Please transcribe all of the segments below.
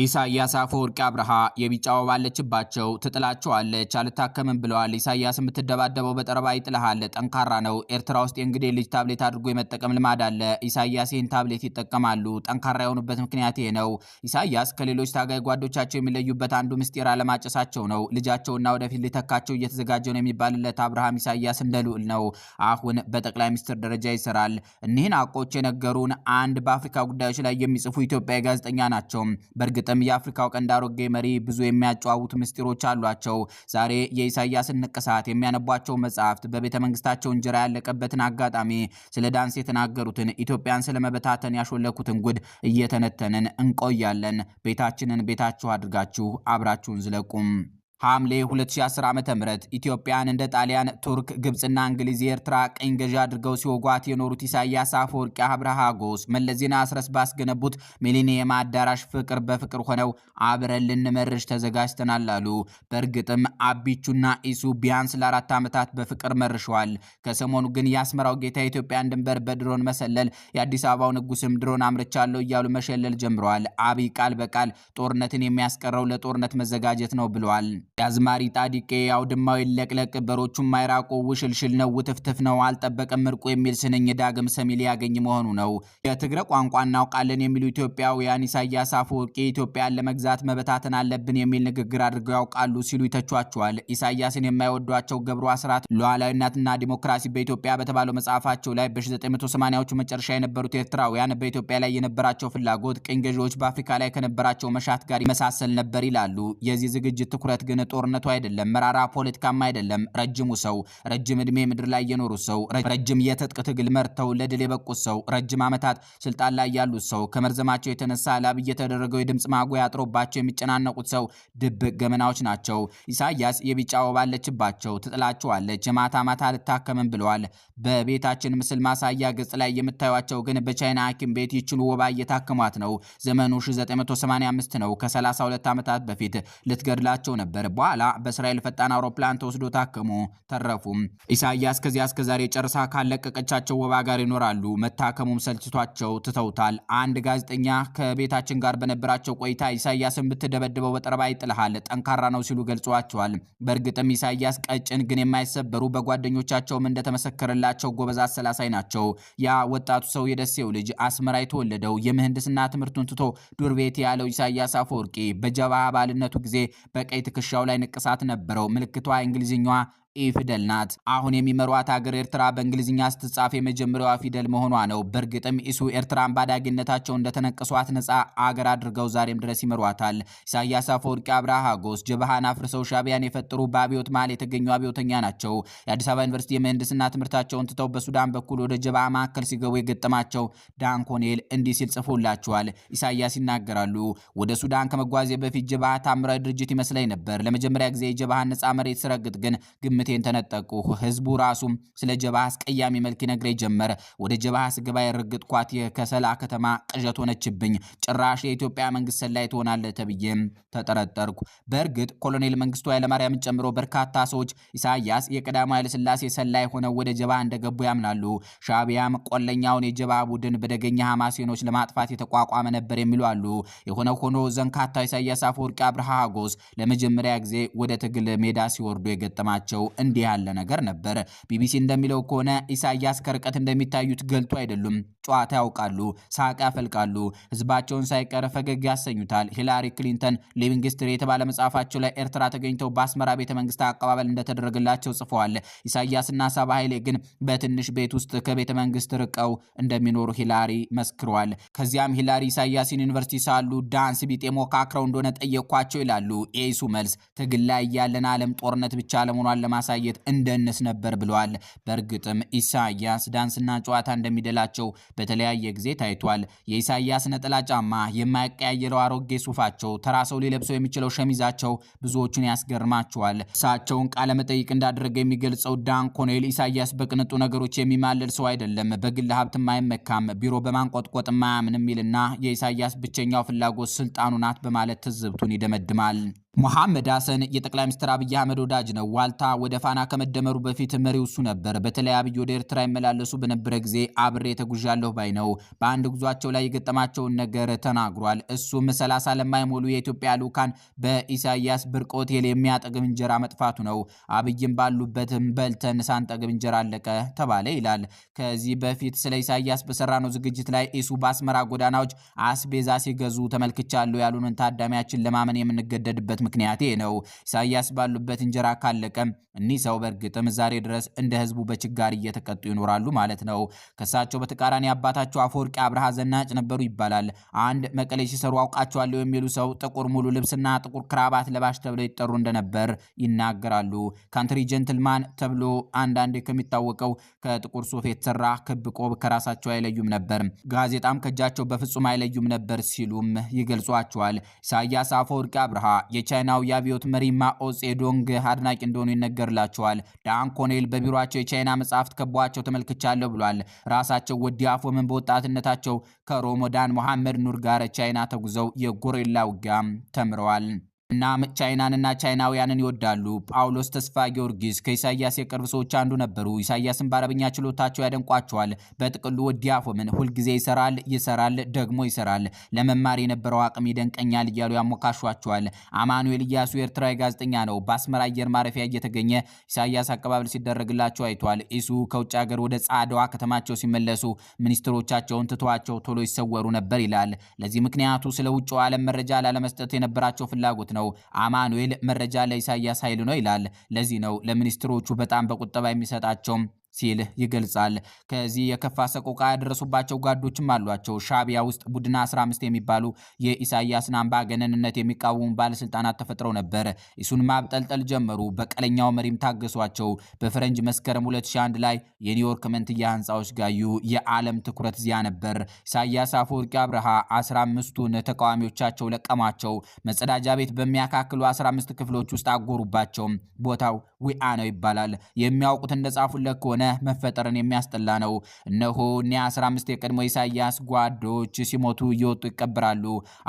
ኢሳያስ አፈወርቂ አብርሃ የቢጫ ወባ አለችባቸው ትጥላቸዋለች። አልታከምም ብለዋል። ኢሳያስ የምትደባደበው በጠረባ ይጥልሃል፣ ጠንካራ ነው። ኤርትራ ውስጥ የእንግዴ ልጅ ታብሌት አድርጎ የመጠቀም ልማድ አለ። ኢሳያስ ይህን ታብሌት ይጠቀማሉ። ጠንካራ የሆኑበት ምክንያት ይሄ ነው። ኢሳያስ ከሌሎች ታጋይ ጓዶቻቸው የሚለዩበት አንዱ ምስጢር አለማጨሳቸው ነው። ልጃቸውና ወደፊት ሊተካቸው እየተዘጋጀ ነው የሚባልለት አብርሃም ኢሳያስ እንደ ልዑል ነው። አሁን በጠቅላይ ሚኒስትር ደረጃ ይሰራል። እኒህን አቆች የነገሩን አንድ በአፍሪካ ጉዳዮች ላይ የሚጽፉ ኢትዮጵያዊ ጋዜጠኛ ናቸው። በእርግጥም የአፍሪካው ቀንድ አሮጌ መሪ ብዙ የሚያጨዋውቱ ምስጢሮች አሏቸው። ዛሬ የኢሳያስን ንቅሳት የሚያነቧቸው መጽሐፍት፣ በቤተ መንግስታቸው እንጀራ ያለቀበትን አጋጣሚ፣ ስለ ዳንስ የተናገሩትን፣ ኢትዮጵያን ስለመበታተን ያሾለኩትን ጉድ እየተነተንን እንቆያለን። ቤታችንን ቤታችሁ አድርጋችሁ አብራችሁን ዝለቁም። ሐምሌ 2010 ዓ ም ኢትዮጵያን እንደ ጣሊያን፣ ቱርክ፣ ግብፅና እንግሊዝ የኤርትራ ቀኝ ገዢ አድርገው ሲወጓት የኖሩት ኢሳያስ አፈወርቂ አብርሃ ጎስ መለስ ዜና አስረስ ባስገነቡት ሚሊኒየም አዳራሽ ፍቅር በፍቅር ሆነው አብረን ልንመርሽ ተዘጋጅተናል አሉ። በእርግጥም አቢቹና ኢሱ ቢያንስ ለአራት ዓመታት በፍቅር መርሸዋል። ከሰሞኑ ግን የአስመራው ጌታ የኢትዮጵያን ድንበር በድሮን መሰለል፣ የአዲስ አበባው ንጉስም ድሮን አምርቻለሁ እያሉ መሸለል ጀምረዋል። አብይ ቃል በቃል ጦርነትን የሚያስቀረው ለጦርነት መዘጋጀት ነው ብለዋል። የአዝማሪ ጣዲቄ አውድማው ለቅለቅ በሮቹም ማይራቆ ውሽልሽል ነው ውትፍትፍ ነው አልጠበቀም እርቁ የሚል ስንኝ ዳግም ሰሚ ሊያገኝ መሆኑ ነው። የትግረ ቋንቋ እናውቃለን የሚሉ ኢትዮጵያውያን ኢሳያስ አፈወርቂ ኢትዮጵያን ለመግዛት መበታተን አለብን የሚል ንግግር አድርገው ያውቃሉ ሲሉ ይተቿቸዋል። ኢሳያስን የማይወዷቸው ገብሩ አስራት ሉዓላዊነትና ዲሞክራሲ በኢትዮጵያ በተባለው መጽሐፋቸው ላይ በ1980ዎቹ መጨረሻ የነበሩት ኤርትራውያን በኢትዮጵያ ላይ የነበራቸው ፍላጎት ቅኝ ገዢዎች በአፍሪካ ላይ ከነበራቸው መሻት ጋር ይመሳሰል ነበር ይላሉ። የዚህ ዝግጅት ትኩረት ግን ጦርነቱ አይደለም፣ መራራ ፖለቲካም አይደለም። ረጅሙ ሰው ረጅም እድሜ ምድር ላይ የኖሩ ሰው ረጅም የትጥቅ ትግል መርተው ለድል የበቁት ሰው ረጅም ዓመታት ስልጣን ላይ ያሉት ሰው ከመርዘማቸው የተነሳ ለአብይ የተደረገው የድምፅ ማጉያ አጥሮባቸው የሚጨናነቁት ሰው ድብቅ ገመናዎች ናቸው። ኢሳያስ የቢጫ ወባ አለችባቸው፣ ትጥላቸዋለች፣ የማታ ማታ አልታከምም ብለዋል። በቤታችን ምስል ማሳያ ገጽ ላይ የምታዩቸው ግን በቻይና ሐኪም ቤት ይችሉ ወባ እየታከሟት ነው። ዘመኑ 1985 ነው። ከ32 ዓመታት በፊት ልትገድላቸው ነበር። በኋላ በእስራኤል ፈጣን አውሮፕላን ተወስዶ ታከሙ፣ ተረፉም። ኢሳያስ ከዚያ እስከ ዛሬ ጨርሳ ካለቀቀቻቸው ወባ ጋር ይኖራሉ። መታከሙም ሰልችቷቸው ትተውታል። አንድ ጋዜጠኛ ከቤታችን ጋር በነበራቸው ቆይታ ኢሳያስን ብትደበድበው በጠረባ ይጥልሃል፣ ጠንካራ ነው ሲሉ ገልጸዋቸዋል። በእርግጥም ኢሳያስ ቀጭን ግን የማይሰበሩ በጓደኞቻቸውም እንደተመሰከረላቸው ጎበዝ አሰላሳይ ናቸው። ያ ወጣቱ ሰው የደሴው ልጅ አስመራ የተወለደው የምህንድስና ትምህርቱን ትቶ ዱር ቤት ያለው ኢሳያስ አፈወርቂ በጀብሃ ባልነቱ ጊዜ በቀይ ትከሻው ላይ ንቅሳት ነበረው። ምልክቷ እንግሊዝኛዋ ኢ ፊደል ናት። አሁን የሚመሯት ሀገር ኤርትራ በእንግሊዝኛ ስትጻፍ የመጀመሪያዋ ፊደል መሆኗ ነው። በእርግጥም ኢሱ ኤርትራን ባዳጊነታቸው እንደተነቀሷት ነፃ አገር አድርገው ዛሬም ድረስ ይመሯታል። ኢሳያስ አፈወርቂ፣ አብርሃ ጎስ ጀብሃን አፍርሰው ሻቢያን የፈጠሩ በአብዮት መሃል የተገኙ አብዮተኛ ናቸው። የአዲስ አበባ ዩኒቨርሲቲ የምህንድስና ትምህርታቸውን ትተው በሱዳን በኩል ወደ ጀባ ማዕከል ሲገቡ የገጠማቸው ዳንኮኔል እንዲ እንዲህ ሲል ጽፎላቸዋል። ኢሳያስ ይናገራሉ። ወደ ሱዳን ከመጓዜ በፊት ጀባሃ ታምራዊ ድርጅት ይመስለኝ ነበር። ለመጀመሪያ ጊዜ የጀብሃን ነፃ መሬት ስረግጥ ግን ግምቴን ተነጠቁ ህዝቡ ራሱም ስለ ጀብሃ አስቀያሚ መልክ ይነግረኝ ጀመረ። ወደ ጀብሃ ስገባ የረግጥኳት የከሰላ ከተማ ቅዠት ሆነችብኝ። ጭራሽ የኢትዮጵያ መንግስት ሰላይ ትሆናለህ ተብዬም ተጠረጠርኩ። በእርግጥ ኮሎኔል መንግስቱ ኃይለማርያምን ጨምሮ በርካታ ሰዎች ኢሳያስ የቀዳማዊ ኃይለስላሴ ሰላይ ሆነው ወደ ጀባ እንደገቡ ያምናሉ። ሻቢያም ቆለኛውን የጀባ ቡድን በደገኛ ሐማሴኖች ለማጥፋት የተቋቋመ ነበር የሚሉ አሉ። የሆነ ሆኖ ዘንካታ ኢሳያስ አፈወርቂ አብርሃ ሀጎስ ለመጀመሪያ ጊዜ ወደ ትግል ሜዳ ሲወርዱ የገጠማቸው እንዲህ ያለ ነገር ነበር። ቢቢሲ እንደሚለው ከሆነ ኢሳያስ ከርቀት እንደሚታዩት ገልቶ አይደሉም። ጨዋታ ያውቃሉ፣ ሳቅ ያፈልቃሉ፣ ህዝባቸውን ሳይቀር ፈገግ ያሰኙታል። ሂላሪ ክሊንተን ሊቪንግ የተባለ መጽሐፋቸው ላይ ኤርትራ ተገኝተው በአስመራ ቤተ መንግስት አቀባበል እንደተደረገላቸው ጽፈዋል። ኢሳያስና ሳባ ኃይሌ ግን በትንሽ ቤት ውስጥ ከቤተ መንግስት ርቀው እንደሚኖሩ ሂላሪ መስክረዋል። ከዚያም ሂላሪ ኢሳያስን ዩኒቨርሲቲ ሳሉ ዳንስ ቢጤ ሞካክረው እንደሆነ ጠየቅኳቸው ይላሉ። ኤሱ መልስ ትግል ላይ ያለን አለም ጦርነት ብቻ ለመሆኗን ለማ ማሳየት እንደነስ ነበር ብለዋል። በእርግጥም ኢሳያስ ዳንስና ጨዋታ እንደሚደላቸው በተለያየ ጊዜ ታይቷል። የኢሳያስ ነጠላ ጫማ፣ የማይቀያየረው አሮጌ ሱፋቸው፣ ተራ ሰው ሊለብሰው የሚችለው ሸሚዛቸው ብዙዎቹን ያስገርማቸዋል። እሳቸውን ቃለመጠይቅ እንዳደረገ የሚገልጸው ዳን ኮኔል ኢሳያስ በቅንጡ ነገሮች የሚማልል ሰው አይደለም፣ በግል ሀብት ማይመካም ቢሮ በማንቆጥቆጥ የማያምን የሚልና የኢሳያስ ብቸኛው ፍላጎት ስልጣኑ ናት በማለት ትዝብቱን ይደመድማል። ሙሐመድ ሐሰን የጠቅላይ ሚኒስትር አብይ አህመድ ወዳጅ ነው። ዋልታ ወደ ፋና ከመደመሩ በፊት መሪው እሱ ነበር። በተለይ አብይ ወደ ኤርትራ ይመላለሱ በነበረ ጊዜ አብሬ ተጉዣለሁ ባይ ነው። በአንድ ጉዟቸው ላይ የገጠማቸውን ነገር ተናግሯል። እሱም ሰላሳ ለማይሞሉ የኢትዮጵያ ልኡካን በኢሳያስ ብርቅ ሆቴል የሚያጠግብ እንጀራ መጥፋቱ ነው። አብይም ባሉበትም በልተን ሳንጠግብ እንጀራ አለቀ ተባለ ይላል። ከዚህ በፊት ስለ ኢሳያስ በሰራነው ዝግጅት ላይ ኢሱ በአስመራ ጎዳናዎች አስቤዛ ሲገዙ ተመልክቻለሁ ያሉንን ታዳሚያችን ለማመን የምንገደድበት ምክንያት ምክንያቴ ነው። ኢሳያስ ባሉበት እንጀራ ካለቀም እኒህ ሰው በእርግጥም ዛሬ ድረስ እንደ ህዝቡ በችጋር እየተቀጡ ይኖራሉ ማለት ነው። ከእሳቸው በተቃራኒ አባታቸው አፈወርቂ አብርሃ ዘናጭ ነበሩ ይባላል። አንድ መቀሌ ሲሰሩ አውቃቸዋለሁ የሚሉ ሰው ጥቁር ሙሉ ልብስና ጥቁር ክራባት ለባሽ ተብለው ይጠሩ እንደነበር ይናገራሉ። ካንትሪ ጀንትልማን ተብሎ አንዳንዴ ከሚታወቀው ከጥቁር ሱፍ የተሰራ ክብ ቆብ ከራሳቸው አይለዩም ነበር። ጋዜጣም ከእጃቸው በፍጹም አይለዩም ነበር ሲሉም ይገልጿቸዋል። ኢሳያስ አፈወርቂ አብርሃ የቻይናው የአብዮት መሪ ማኦ ጼዶንግ አድናቂ እንደሆኑ ይነገርላቸዋል። ዳን ኮኔል በቢሮቸው የቻይና መጽሐፍት ከቧቸው ተመልክቻለሁ ብሏል። ራሳቸው ወዲ አፎምን በወጣትነታቸው ከሮሞዳን መሐመድ ኑር ጋር ቻይና ተጉዘው የጎሬላ ውጊያ ተምረዋል። እናም ቻይናንና ቻይናውያንን ይወዳሉ። ጳውሎስ ተስፋ ጊዮርጊስ ከኢሳያስ የቅርብ ሰዎች አንዱ ነበሩ። ኢሳያስን በአረብኛ ችሎታቸው ያደንቋቸዋል። በጥቅሉ ወዲያፎምን ሁልጊዜ ይሰራል፣ ይሰራል፣ ደግሞ ይሰራል፣ ለመማር የነበረው አቅም ይደንቀኛል እያሉ ያሞካሿቸዋል። አማኑኤል እያሱ ኤርትራዊ ጋዜጠኛ ነው። በአስመራ አየር ማረፊያ እየተገኘ ኢሳያስ አቀባበል ሲደረግላቸው አይቷል። ኢሱ ከውጭ ሀገር ወደ ጻድዋ ከተማቸው ሲመለሱ ሚኒስትሮቻቸውን ትተዋቸው ቶሎ ይሰወሩ ነበር ይላል። ለዚህ ምክንያቱ ስለ ውጭው ዓለም መረጃ ላለመስጠት የነበራቸው ፍላጎት ነው። ነው። አማኑኤል መረጃ ለኢሳያስ ኃይሉ ነው ይላል። ለዚህ ነው ለሚኒስትሮቹ በጣም በቁጠባ የሚሰጣቸው ሲል ይገልጻል። ከዚህ የከፋ ሰቆቃ ያደረሱባቸው ጓዶችም አሏቸው። ሻቢያ ውስጥ ቡድን 15 የሚባሉ የኢሳያስን አምባገነንነት የሚቃወሙ ባለስልጣናት ተፈጥረው ነበር። እሱን ማብጠልጠል ጀመሩ። በቀለኛው መሪም ታገሷቸው። በፈረንጅ መስከረም 2001 ላይ የኒውዮርክ መንትያ ህንፃዎች ጋዩ። የዓለም ትኩረት ዚያ ነበር። ኢሳያስ አፈወርቂ አብርሃ 15ቱን ተቃዋሚዎቻቸው ለቀሟቸው። መጸዳጃ ቤት በሚያካክሉ 15 ክፍሎች ውስጥ አጎሩባቸው። ቦታው ዊአ ነው ይባላል። የሚያውቁት እንደጻፉለት ከሆነ የሆነ መፈጠርን የሚያስጠላ ነው። እነሆ እኒያ 15 የቀድሞ ኢሳያስ ጓዶች ሲሞቱ እየወጡ ይቀበራሉ።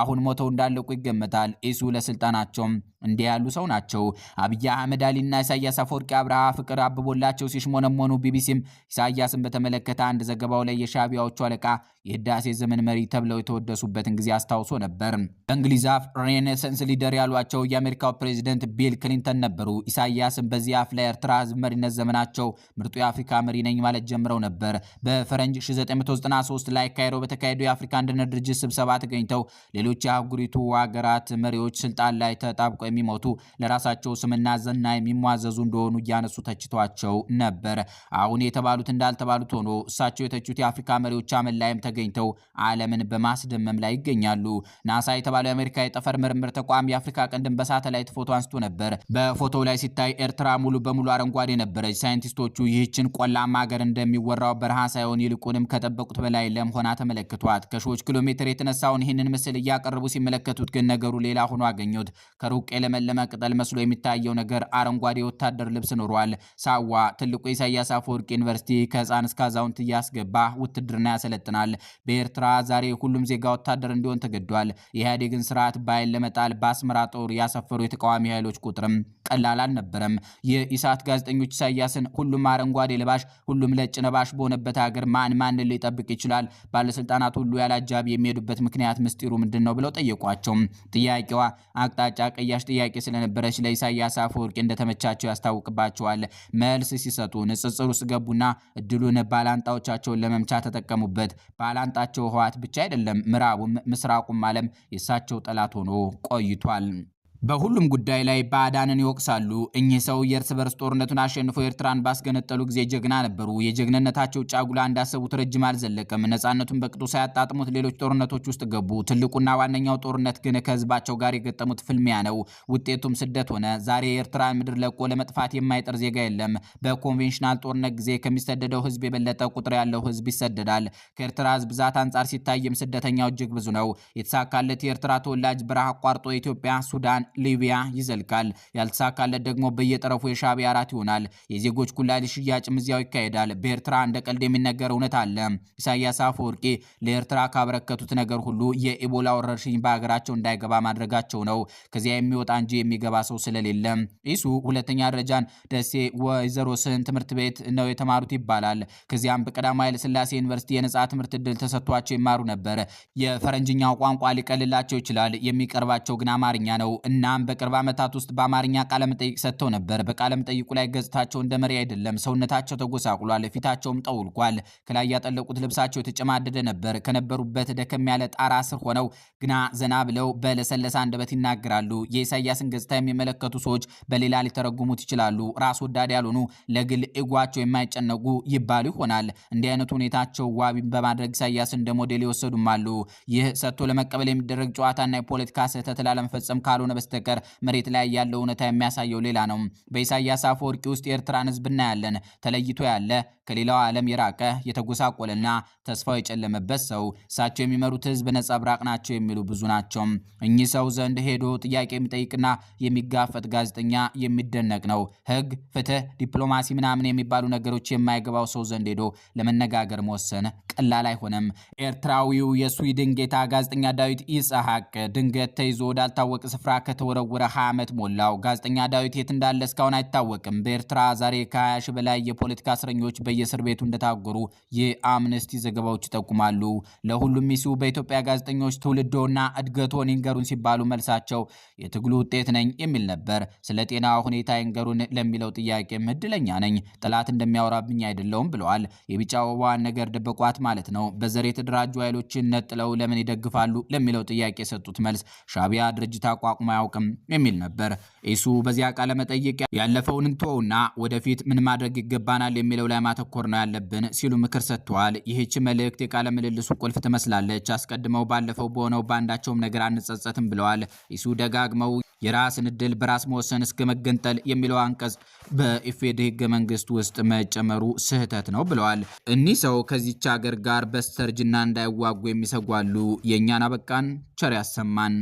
አሁን ሞተው እንዳለቁ ይገመታል። ኢሱ ለስልጣናቸውም እንዲህ ያሉ ሰው ናቸው። አብይ አህመድ አሊና ኢሳያስ አፈወርቂ አብርሃ ፍቅር አብቦላቸው ሲሽሞነሞኑ ቢቢሲም ኢሳያስን በተመለከተ አንድ ዘገባው ላይ የሻቢያዎቹ አለቃ የህዳሴ ዘመን መሪ ተብለው የተወደሱበትን ጊዜ አስታውሶ ነበር። በእንግሊዝ አፍ ሬኔሰንስ ሊደር ያሏቸው የአሜሪካው ፕሬዚደንት ቢል ክሊንተን ነበሩ። ኢሳያስም በዚህ አፍ ላይ ኤርትራ ህዝብ መሪነት ዘመናቸው ምርጡ የአፍሪካ መሪ ነኝ ማለት ጀምረው ነበር። በፈረንጅ 1993 ላይ ካይሮ በተካሄደው የአፍሪካ አንድነት ድርጅት ስብሰባ ተገኝተው ሌሎች የአህጉሪቱ ሀገራት መሪዎች ስልጣን ላይ ተጣብቀው የሚሞቱ ለራሳቸው ስምና ዘና የሚሟዘዙ እንደሆኑ እያነሱ ተችቷቸው ነበር። አሁን የተባሉት እንዳልተባሉት ሆኖ እሳቸው የተቹት የአፍሪካ መሪዎች አመን ላይም ተገኝተው ዓለምን በማስደመም ላይ ይገኛሉ። ናሳ የተባለው የአሜሪካ የጠፈር ምርምር ተቋም የአፍሪካ ቀንድን በሳተላይት ፎቶ አንስቶ ነበር። በፎቶው ላይ ሲታይ ኤርትራ ሙሉ በሙሉ አረንጓዴ ነበረች። ሳይንቲስቶቹ ይህችን ቆላማ ሀገር እንደሚወራው በረሃ ሳይሆን ይልቁንም ከጠበቁት በላይ ለም ሆና ተመለክቷት። ከሺዎች ኪሎ ሜትር የተነሳውን ይህንን ምስል እያቀረቡ ሲመለከቱት ግን ነገሩ ሌላ ሆኖ አገኙት። ከሩቅ የለመለመ ቅጠል መስሎ የሚታየው ነገር አረንጓዴ ወታደር ልብስ ኖሯል። ሳዋ ትልቁ ኢሳያስ አፈወርቅ ዩኒቨርሲቲ ከህፃን እስከ አዛውንት እያስገባ ውትድርና ያሰለጥናል። በኤርትራ ዛሬ ሁሉም ዜጋ ወታደር እንዲሆን ተገዷል። የኢህአዴግን ስርዓት ባይል ለመጣል በአስመራ ጦር ያሰፈሩ የተቃዋሚ ኃይሎች ቁጥርም ቀላል አልነበረም። የኢሳት ጋዜጠኞች ኢሳያስን ሁሉም አረንጓዴ ለባሽ፣ ሁሉም ነጭ ነባሽ በሆነበት ሀገር ማን ማን ሊጠብቅ ይችላል? ባለስልጣናት ሁሉ ያለ አጃቢ የሚሄዱበት ምክንያት ምስጢሩ ምንድን ነው ብለው ጠየቋቸው። ጥያቄዋ አቅጣጫ ቀያሽ ጥያቄ ስለነበረች ለኢሳያስ አፈወርቂ እንደተመቻቸው ያስታውቅባቸዋል። መልስ ሲሰጡ ንጽጽር ውስጥ ገቡና እድሉን ባላንጣዎቻቸውን ለመምቻ ተጠቀሙበት። ባላንጣቸው ህወሓት ብቻ አይደለም፣ ምዕራቡም ምስራቁም ዓለም የእሳቸው ጠላት ሆኖ ቆይቷል። በሁሉም ጉዳይ ላይ ባዕዳንን ይወቅሳሉ። እኚህ ሰው የእርስ በርስ ጦርነቱን አሸንፎ ኤርትራን ባስገነጠሉ ጊዜ ጀግና ነበሩ። የጀግንነታቸው ጫጉላ እንዳሰቡት ረጅም አልዘለቀም። ነፃነቱን በቅጡ ሳያጣጥሙት ሌሎች ጦርነቶች ውስጥ ገቡ። ትልቁና ዋነኛው ጦርነት ግን ከህዝባቸው ጋር የገጠሙት ፍልሚያ ነው። ውጤቱም ስደት ሆነ። ዛሬ የኤርትራን ምድር ለቆ ለመጥፋት የማይጠር ዜጋ የለም። በኮንቬንሽናል ጦርነት ጊዜ ከሚሰደደው ህዝብ የበለጠ ቁጥር ያለው ህዝብ ይሰደዳል። ከኤርትራ ህዝብ ብዛት አንጻር ሲታይም ስደተኛው እጅግ ብዙ ነው። የተሳካለት የኤርትራ ተወላጅ በረሃ አቋርጦ ኢትዮጵያ፣ ሱዳን ሊቢያ ይዘልቃል። ያልተሳካለት ደግሞ በየጠረፉ የሻቢ አራት ይሆናል። የዜጎች ኩላሊት ሽያጭም እዚያው ይካሄዳል። በኤርትራ እንደ ቀልድ የሚነገር እውነት አለ። ኢሳያስ አፈወርቂ ለኤርትራ ካበረከቱት ነገር ሁሉ የኢቦላ ወረርሽኝ በሀገራቸው እንዳይገባ ማድረጋቸው ነው። ከዚያ የሚወጣ እንጂ የሚገባ ሰው ስለሌለ ኢሱ ሁለተኛ ደረጃን ደሴ ወይዘሮ ስህን ትምህርት ቤት ነው የተማሩት ይባላል። ከዚያም በቀዳማዊ ኃይለስላሴ ሥላሴ ዩኒቨርሲቲ የነጻ ትምህርት እድል ተሰጥቷቸው ይማሩ ነበር። የፈረንጅኛው ቋንቋ ሊቀልላቸው ይችላል። የሚቀርባቸው ግን አማርኛ ነው። እናም በቅርብ ዓመታት ውስጥ በአማርኛ መጠይቅ ሰጥተው ነበር። መጠይቁ ላይ ገጽታቸው እንደ መሪ አይደለም፣ ሰውነታቸው ተጎሳቁሏል፣ ፊታቸውም ጠውልጓል። ከላይ ያጠለቁት ልብሳቸው የተጨማደደ ነበር። ከነበሩበት ደከም ያለ ጣራ ስር ሆነው ግና ዘና ብለው በለሰለሰ አንደበት ይናገራሉ። የኢሳያስን ገጽታ የሚመለከቱ ሰዎች በሌላ ሊተረጉሙት ይችላሉ። ራስ ወዳድ ያልሆኑ፣ ለግል ኢጓቸው የማይጨነቁ ይባሉ ይሆናል። እንዲህ አይነት ሁኔታቸው ዋቢ በማድረግ ኢሳያስ እንደ ሞዴል ይወሰዱም አሉ። ይህ ሰጥቶ ለመቀበል የሚደረግ ጨዋታና የፖለቲካ ስህተት ላለመፈጸም ካልሆነ በስተቀር መሬት ላይ ያለው እውነታ የሚያሳየው ሌላ ነው። በኢሳያስ አፈወርቂ ውስጥ የኤርትራን ህዝብ እናያለን። ተለይቶ ያለ ከሌላው ዓለም የራቀ የተጎሳቆለና ተስፋው የጨለመበት ሰው እሳቸው የሚመሩት ህዝብ ነጸብራቅ ናቸው የሚሉ ብዙ ናቸው። እኚህ ሰው ዘንድ ሄዶ ጥያቄ የሚጠይቅና የሚጋፈጥ ጋዜጠኛ የሚደነቅ ነው። ህግ፣ ፍትህ፣ ዲፕሎማሲ ምናምን የሚባሉ ነገሮች የማይገባው ሰው ዘንድ ሄዶ ለመነጋገር መወሰን ቀላል አይሆንም። ኤርትራዊው የስዊድን ጌታ ጋዜጠኛ ዳዊት ኢስሐቅ ድንገት ተይዞ ወዳልታወቀ ስፍራ ከተወረወረ 20 ዓመት ሞላው። ጋዜጠኛ ዳዊት የት እንዳለ እስካሁን አይታወቅም። በኤርትራ ዛሬ ከ20 ሺህ በላይ የፖለቲካ እስረኞች በ በየእስር ቤቱ እንደታጎሩ የአምነስቲ ዘገባዎች ይጠቁማሉ። ለሁሉም ሚሲ በኢትዮጵያ ጋዜጠኞች ትውልዶና እድገቶን ይንገሩን ሲባሉ መልሳቸው የትግሉ ውጤት ነኝ የሚል ነበር። ስለ ጤና ሁኔታ ይንገሩን ለሚለው ጥያቄም እድለኛ ነኝ፣ ጠላት እንደሚያወራብኝ አይደለውም ብለዋል። የቢጫ ወባዋን ነገር ደበቋት ማለት ነው። በዘር የተደራጁ ኃይሎችን ነጥለው ለምን ይደግፋሉ ለሚለው ጥያቄ የሰጡት መልስ ሻቢያ ድርጅት አቋቁሞ አያውቅም የሚል ነበር። ኢሱ በዚያ ቃለመጠይቅ ያለፈውን እንትወውና ወደፊት ምን ማድረግ ይገባናል የሚለው ላይ ማተ ማተኮር ነው ያለብን ሲሉ ምክር ሰጥተዋል። ይህች መልእክት የቃለ ምልልሱ ቁልፍ ትመስላለች። አስቀድመው ባለፈው በሆነው በአንዳቸውም ነገር አንጸጸትም ብለዋል። ይሱ ደጋግመው የራስን እድል በራስ መወሰን እስከ መገንጠል የሚለው አንቀጽ በኢፌዴሪ ህገ መንግስት ውስጥ መጨመሩ ስህተት ነው ብለዋል። እኒህ ሰው ከዚች ሀገር ጋር በስተርጅና እንዳይዋጉ የሚሰጓሉ። የእኛን አበቃን፣ ቸር ያሰማን።